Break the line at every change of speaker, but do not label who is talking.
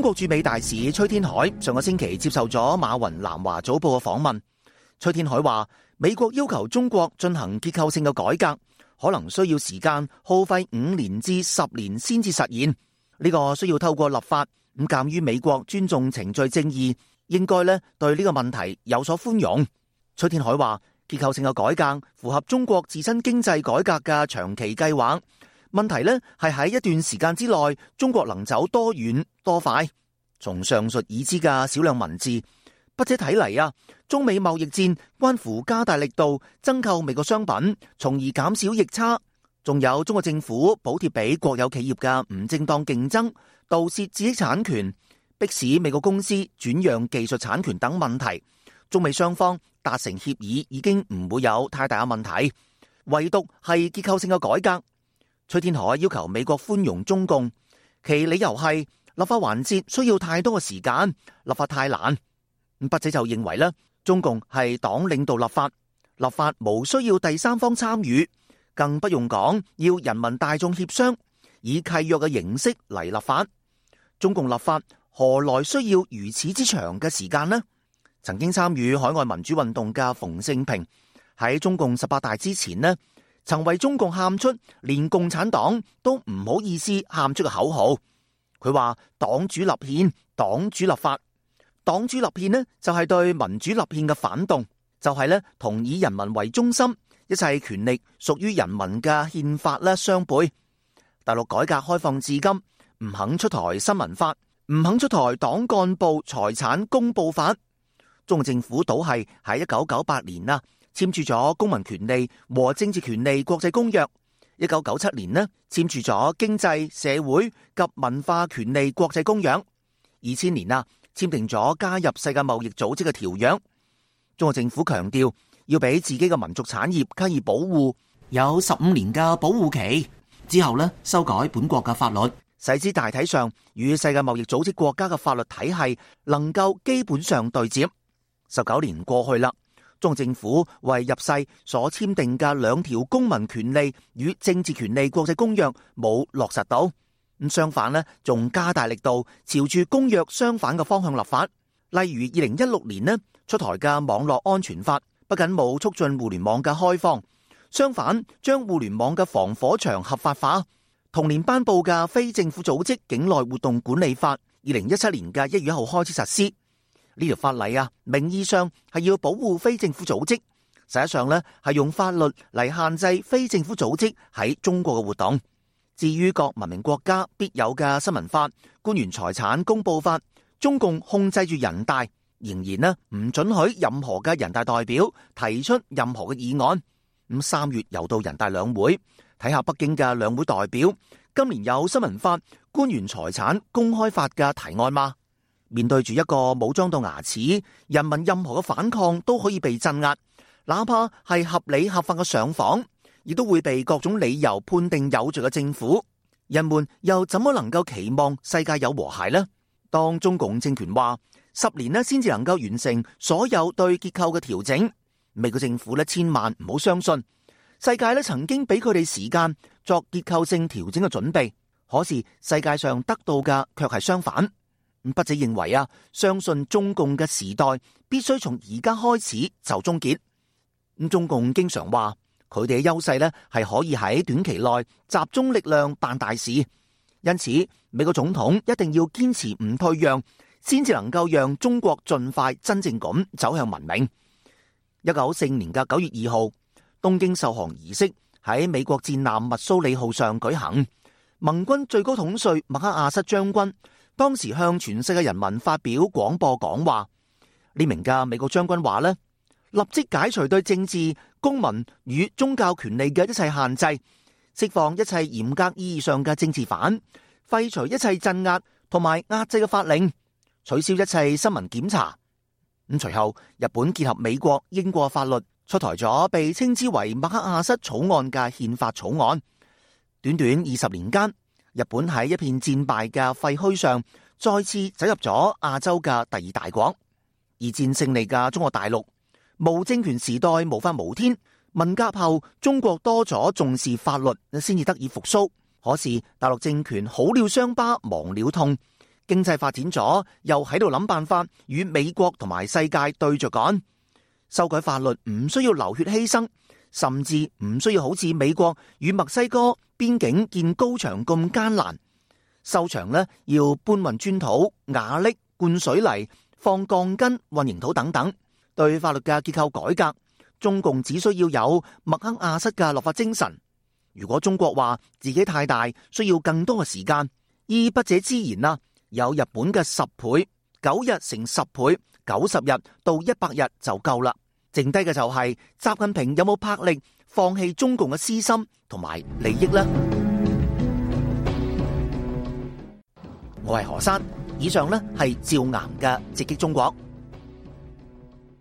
中國駐美大使崔天凱上個星期接受咗馬雲南華早報嘅訪問。崔天凱話：美國要求中國進行結構性嘅改革，可能需要時間，耗費五年至十年先至實現。呢、這個需要透過立法。咁鑒於美國尊重程序正義，應該咧對呢個問題有所寬容。崔天凱話：結構性嘅改革符合中國自身經濟改革嘅長期計劃。問題呢係喺一段時間之內，中國能走多遠多快？從上述已知嘅少量文字，筆者睇嚟啊，中美貿易戰關乎加大力度增購美國商品，從而減少逆差，仲有中國政府補貼俾國有企業嘅唔正當競爭、盜竊知識產權、迫使美國公司轉讓技術產權等問題，中美雙方達成協議已經唔會有太大嘅問題。唯獨係結構性嘅改革。崔天凱要求美國寬容中共，其理由係立法環節需要太多嘅時間，立法太難。筆者就認為咧，中共係黨領導立法，立法無需要第三方參與，更不用講要人民大眾協商，以契約嘅形式嚟立法。中共立法何來需要如此之長嘅時間呢？曾經參與海外民主運動嘅馮勝平喺中共十八大之前呢？曾為中共喊出連共產黨都唔好意思喊出嘅口號，佢話黨主立憲、黨主立法、黨主立憲呢，就係對民主立憲嘅反動，就係咧同以人民為中心、一切權力屬於人民嘅憲法咧相悖。大陸改革開放至今唔肯出台新聞法，唔肯出台黨幹部財產公布法，中央政府倒係喺一九九八年啦。簽署咗公民權利和政治權利國際公約，一九九七年呢簽署咗經濟、社會及文化權利國際公約，二千年啦簽訂咗加入世界貿易組織嘅條約。中國政府強調要俾自己嘅民族產業加以保護，有十五年嘅保護期之後呢，修改本國嘅法律，使之大體上與世界貿易組織國家嘅法律體系能夠基本上對接。十九年過去啦。中國政府為入世所簽訂嘅兩條公民權利與政治權利國際公約冇落實到，咁相反咧，仲加大力度朝住公約相反嘅方向立法，例如二零一六年呢出台嘅網絡安全法，不僅冇促進互聯網嘅開放，相反將互聯網嘅防火牆合法化。同年頒佈嘅非政府組織境內活動管理法，二零一七年嘅一月一號開始實施。呢條法例啊，名義上係要保護非政府組織，實際上咧係用法律嚟限制非政府組織喺中國嘅活動。至於各文明國家必有嘅新聞法、官員財產公布法，中共控制住人大，仍然呢唔准許任何嘅人大代表提出任何嘅議案。咁三月又到人大兩會，睇下北京嘅兩會代表今年有新聞法、官員財產公開法嘅提案嗎？面對住一個武裝到牙齒，人民任何嘅反抗都可以被鎮壓，哪怕係合理合法嘅上訪，亦都會被各種理由判定有罪嘅政府。人們又怎麼能夠期望世界有和諧呢？當中共政權話十年咧，先至能夠完成所有對結構嘅調整，美國政府咧千萬唔好相信。世界咧曾經俾佢哋時間作結構性調整嘅準備，可是世界上得到嘅卻係相反。筆者認為啊，相信中共嘅時代必須從而家開始就終結。咁中共經常話佢哋嘅優勢咧係可以喺短期內集中力量辦大事，因此美國總統一定要堅持唔退讓，先至能夠讓中國盡快真正咁走向文明。一九九四年嘅九月二號，東京受降儀式喺美國戰艦密蘇里號上舉行，盟軍最高統帥麥克阿瑟將軍。當時向全世界人民發表廣播講話，呢名嘅美國將軍話呢，立即解除對政治、公民與宗教權利嘅一切限制，釋放一切嚴格意義上嘅政治犯，廢除一切鎮壓同埋壓制嘅法令，取消一切新聞檢查。咁隨後，日本結合美國、英國法律，出台咗被稱之為麥克阿瑟草案嘅憲法草案。短短二十年間。日本喺一片戰敗嘅廢墟上，再次走入咗亞洲嘅第二大國，而戰勝嚟嘅中國大陸，無政權時代無法無天，文革後中國多咗重視法律，先至得以復蘇。可是大陸政權好了傷疤忘了痛，經濟發展咗又喺度諗辦法與美國同埋世界對着幹，修改法律唔需要流血犧牲，甚至唔需要好似美國與墨西哥邊境建高牆咁艱難修牆呢，要搬運磚土、瓦礫、灌水泥、放鋼筋、混凝土等等，對法律嘅結構改革，中共只需要有麥克亞瑟嘅立法精神。如果中國話自己太大，需要更多嘅時間，依筆者之言啦，有日本嘅十倍，九日乘十倍，九十日到一百日就夠啦。剩低嘅就係習近平有冇魄力放棄中共嘅私心同埋利益呢？我係何山，以上咧係趙岩嘅直擊中國。